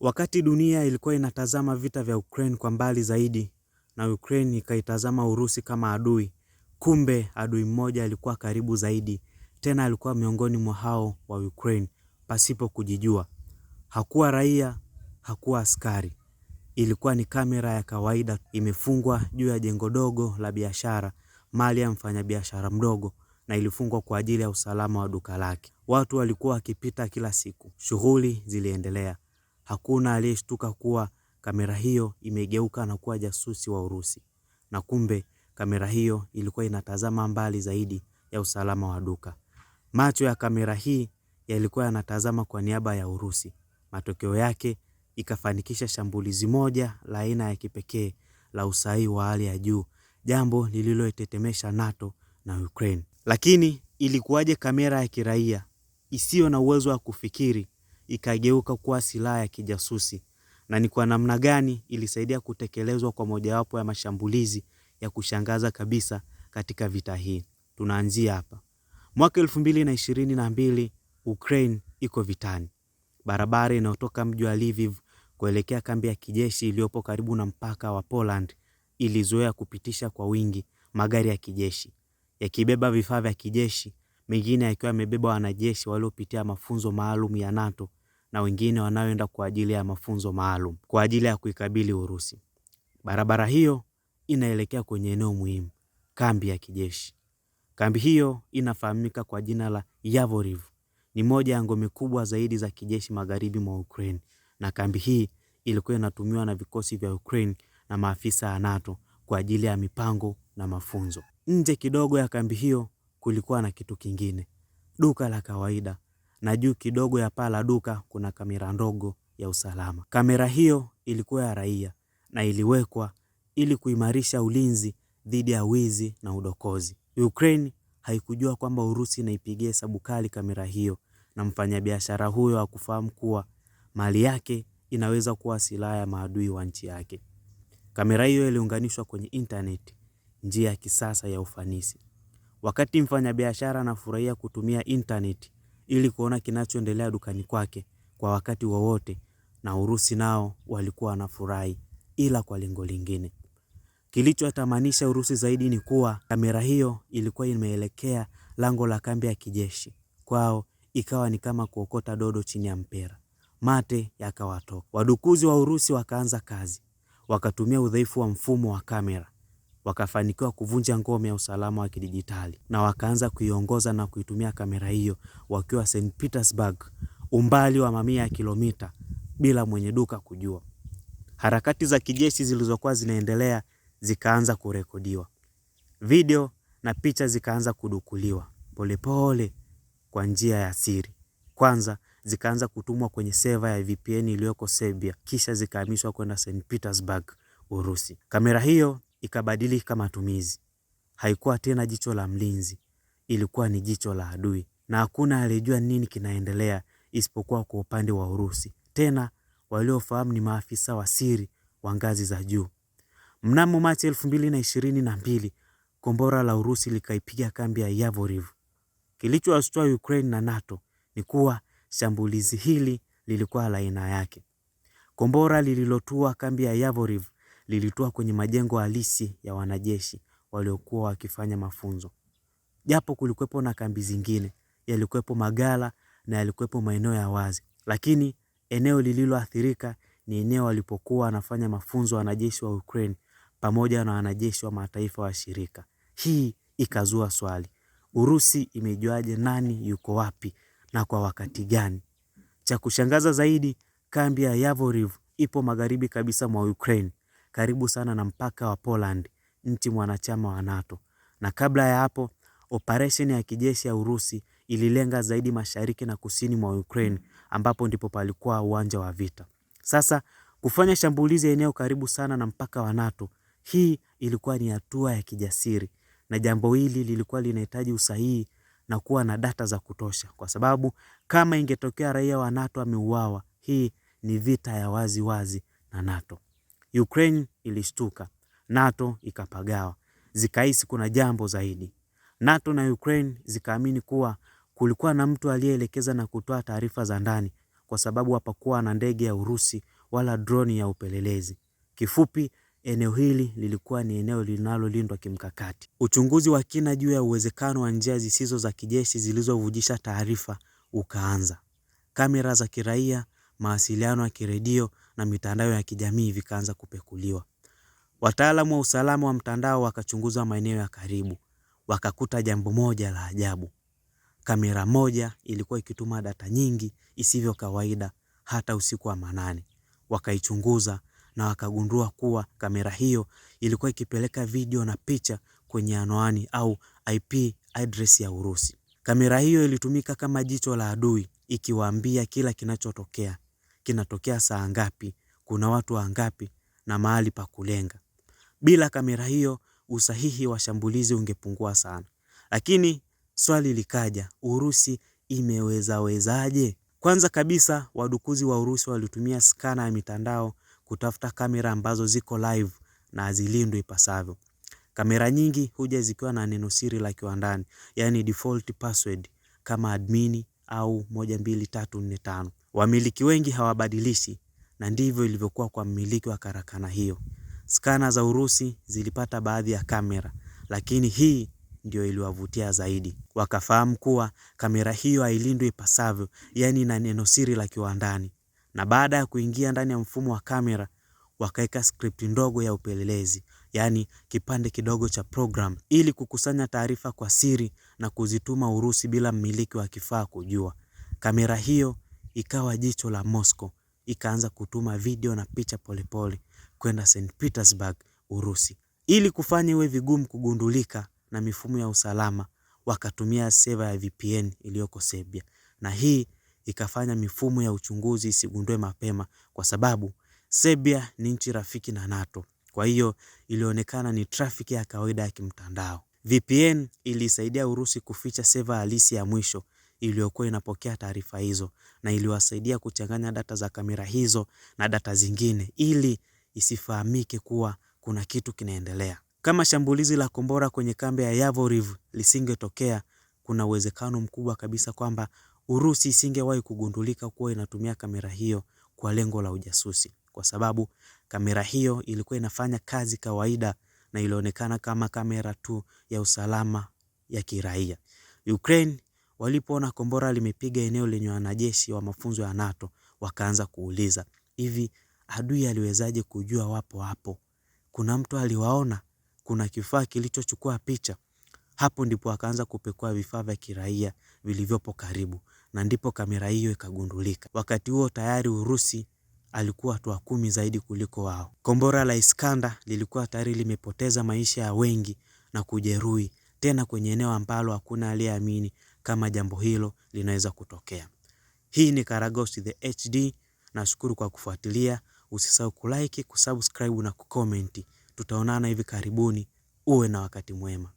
Wakati dunia ilikuwa inatazama vita vya Ukraine kwa mbali zaidi na Ukraine ikaitazama Urusi kama adui, kumbe adui mmoja alikuwa karibu zaidi, tena alikuwa miongoni mwa hao wa Ukraine pasipo kujijua. Hakuwa raia, hakuwa askari. Ilikuwa ni kamera ya kawaida imefungwa juu ya jengo dogo la biashara, mali ya mfanyabiashara mdogo, na ilifungwa kwa ajili ya usalama wa duka lake. Watu walikuwa wakipita kila siku, shughuli ziliendelea. Hakuna aliyeshtuka kuwa kamera hiyo imegeuka na kuwa jasusi wa Urusi, na kumbe kamera hiyo ilikuwa inatazama mbali zaidi ya usalama wa duka. Macho ya kamera hii yalikuwa yanatazama kwa niaba ya Urusi. Matokeo yake ikafanikisha shambulizi moja la aina ya kipekee la usahihi wa hali ya juu, jambo lililoitetemesha NATO na Ukraine. Lakini ilikuwaje kamera ya kiraia isiyo na uwezo wa kufikiri ikageuka kuwa silaha ya kijasusi na ni kwa namna gani ilisaidia kutekelezwa kwa mojawapo ya mashambulizi ya kushangaza kabisa katika vita hii. Tunaanzia hapa mwaka elfu mbili na ishirini na mbili, Ukraine iko vitani. Barabara inayotoka mji wa Lviv kuelekea kambi ya kijeshi iliyopo karibu na mpaka wa Poland ilizoea kupitisha kwa wingi magari ya kijeshi yakibeba vifaa vya kijeshi, mengine yakiwa yamebeba wanajeshi waliopitia mafunzo maalum ya NATO na wengine wanaoenda kwa ajili ya mafunzo maalum kwa ajili ya kuikabili Urusi. Barabara hiyo inaelekea kwenye eneo muhimu, kambi ya kijeshi. Kambi hiyo inafahamika kwa jina la Yavoriv. Ni moja ya ngome kubwa zaidi za kijeshi magharibi mwa Ukraine, na kambi hii ilikuwa inatumiwa na vikosi vya Ukraine na maafisa ya NATO kwa ajili ya mipango na mafunzo. Nje kidogo ya kambi hiyo kulikuwa na kitu kingine, duka la kawaida na juu kidogo ya paa la duka kuna kamera ndogo ya usalama. Kamera hiyo ilikuwa ya raia na iliwekwa ili kuimarisha ulinzi dhidi ya wizi na udokozi. Ukraine haikujua kwamba Urusi inaipigia hesabu kali kamera hiyo, na mfanyabiashara huyo hakufahamu kuwa mali yake inaweza kuwa silaha ya maadui wa nchi yake. Kamera hiyo iliunganishwa kwenye internet, njia ya kisasa ya ufanisi. Wakati mfanyabiashara anafurahia kutumia internet, ili kuona kinachoendelea dukani kwake kwa wakati wowote, na Urusi nao walikuwa wanafurahi, ila kwa lengo lingine. Kilichotamanisha Urusi zaidi ni kuwa kamera hiyo ilikuwa imeelekea lango la kambi ya kijeshi. Kwao ikawa ni kama kuokota dodo chini ya mpera. Mate yakawatoka. Wadukuzi wa Urusi wakaanza kazi, wakatumia udhaifu wa mfumo wa kamera wakafanikiwa kuvunja ngome ya usalama wa kidijitali na wakaanza kuiongoza na kuitumia kamera hiyo wakiwa St Petersburg, umbali wa mamia ya kilomita bila mwenye duka kujua. Harakati za kijeshi zilizokuwa zinaendelea zikaanza kurekodiwa, video na picha zikaanza kudukuliwa polepole kwa njia ya siri. Kwanza zikaanza kutumwa kwenye seva ya VPN iliyoko Serbia, kisha zikahamishwa kwenda St Petersburg, Urusi. Kamera hiyo ikabadilika matumizi. Haikuwa tena jicho la mlinzi, ilikuwa ni jicho la adui, na hakuna aliyejua nini kinaendelea isipokuwa kwa upande wa Urusi. Tena waliofahamu ni maafisa wa siri wa ngazi za juu. Mnamo Machi elfu mbili na ishirini na mbili kombora la Urusi likaipiga kambi ya Yavoriv. Kilichowashtua Ukraine na NATO ni kuwa shambulizi hili lilikuwa la aina yake. Kombora lililotua kambi ya Yavoriv lilitoa kwenye majengo halisi ya wanajeshi waliokuwa wakifanya mafunzo. Japo kulikuwepo na kambi zingine, yalikuwepo magala na yalikuwepo maeneo ya wazi, lakini eneo lililoathirika ni eneo walipokuwa wanafanya mafunzo wanajeshi wa Ukraine pamoja na wanajeshi wa mataifa washirika. Hii ikazua swali, Urusi imejuaje nani yuko wapi na kwa wakati gani? Cha kushangaza zaidi, kambi ya Yavoriv ipo magharibi kabisa mwa Ukraine, karibu sana na mpaka wa Poland, nchi mwanachama wa NATO. Na kabla ya hapo, operesheni ya kijeshi ya Urusi ililenga zaidi mashariki na kusini mwa Ukraine ambapo ndipo palikuwa uwanja wa vita. Sasa kufanya shambulizi eneo karibu sana na mpaka wa NATO, hii ilikuwa ni hatua ya kijasiri, na jambo hili lilikuwa linahitaji usahihi na kuwa na data za kutosha, kwa sababu kama ingetokea raia wa NATO ameuawa, hii ni vita ya wazi wazi na NATO. Ukraine ilishtuka, NATO ikapagawa, zikahisi kuna jambo zaidi. NATO na Ukraine zikaamini kuwa kulikuwa na mtu aliyeelekeza na kutoa taarifa za ndani, kwa sababu hapakuwa na ndege ya Urusi wala droni ya upelelezi. Kifupi, eneo hili lilikuwa ni eneo linalolindwa kimkakati. Uchunguzi wa kina juu ya uwezekano wa njia zisizo za kijeshi zilizovujisha taarifa ukaanza. Kamera za kiraia, mawasiliano ya kiredio na mitandao ya kijamii vikaanza kupekuliwa. Wataalamu wa usalama wa mtandao wakachunguza maeneo ya karibu, wakakuta jambo moja la ajabu. Kamera moja ilikuwa ikituma data nyingi isivyo kawaida hata usiku wa manane. Wakaichunguza na wakagundua kuwa kamera hiyo ilikuwa ikipeleka video na picha kwenye anwani au IP address ya Urusi. Kamera hiyo ilitumika kama jicho la adui, ikiwaambia kila kinachotokea kinatokea saa ngapi, kuna watu wangapi na mahali pa kulenga. Bila kamera hiyo usahihi wa shambulizi ungepungua sana. Lakini swali likaja, Urusi imewezawezaje? Kwanza kabisa wadukuzi wa Urusi walitumia skana ya mitandao kutafuta kamera ambazo ziko live na hazilindwi ipasavyo. Kamera nyingi huja zikiwa na neno siri la kiwandani, yani default password kama admini au 12345. Wamiliki wengi hawabadilishi na ndivyo ilivyokuwa kwa mmiliki wa karakana hiyo. Skana za Urusi zilipata baadhi ya kamera, lakini hii ndio iliwavutia zaidi. Wakafahamu kuwa kamera hiyo hailindwi ipasavyo, yaani ina siri la kiwandani. Na baada ya kuingia ndani ya mfumo wa kamera, wakaweka skripti ndogo ya upelelezi, yaani kipande kidogo cha program, ili kukusanya taarifa kwa siri na kuzituma Urusi bila mmiliki wa kifaa kujua. Kamera hiyo ikawa jicho la Moscow ikaanza kutuma video na picha polepole kwenda St Petersburg Urusi. Ili kufanya iwe vigumu kugundulika na mifumo ya usalama, wakatumia seva ya VPN iliyoko Serbia, na hii ikafanya mifumo ya uchunguzi isigundue mapema, kwa sababu Serbia ni nchi rafiki na NATO. Kwa hiyo ilionekana ni trafiki ya kawaida ya kimtandao. VPN ilisaidia Urusi kuficha seva halisi ya mwisho iliyokuwa inapokea taarifa hizo, na iliwasaidia kuchanganya data za kamera hizo na data zingine ili isifahamike kuwa kuna kitu kinaendelea. Kama shambulizi la kombora kwenye kambi ya Yavoriv lisingetokea, kuna uwezekano mkubwa kabisa kwamba Urusi isingewahi kugundulika kuwa inatumia kamera hiyo kwa lengo la ujasusi, kwa sababu kamera hiyo ilikuwa inafanya kazi kawaida na ilionekana kama kamera tu ya usalama ya kiraia. Ukraine Walipoona kombora limepiga eneo lenye wanajeshi wa mafunzo ya NATO, wakaanza kuuliza, hivi adui aliwezaje kujua wapo hapo? Kuna mtu aliwaona? Kuna kifaa kilichochukua picha? Hapo ndipo akaanza kupekua vifaa vya kiraia vilivyopo karibu, na ndipo kamera hiyo ikagundulika. Wakati huo tayari Urusi alikuwa hatua kumi zaidi kuliko wao. Kombora la Iskanda lilikuwa tayari limepoteza maisha ya wengi na kujeruhi, tena kwenye eneo ambalo hakuna aliyeamini kama jambo hilo linaweza kutokea. Hii ni Karagosi The HD. Nashukuru kwa kufuatilia. Usisahau kulike, kusubscribe na kukomenti. Tutaonana hivi karibuni. Uwe na wakati mwema.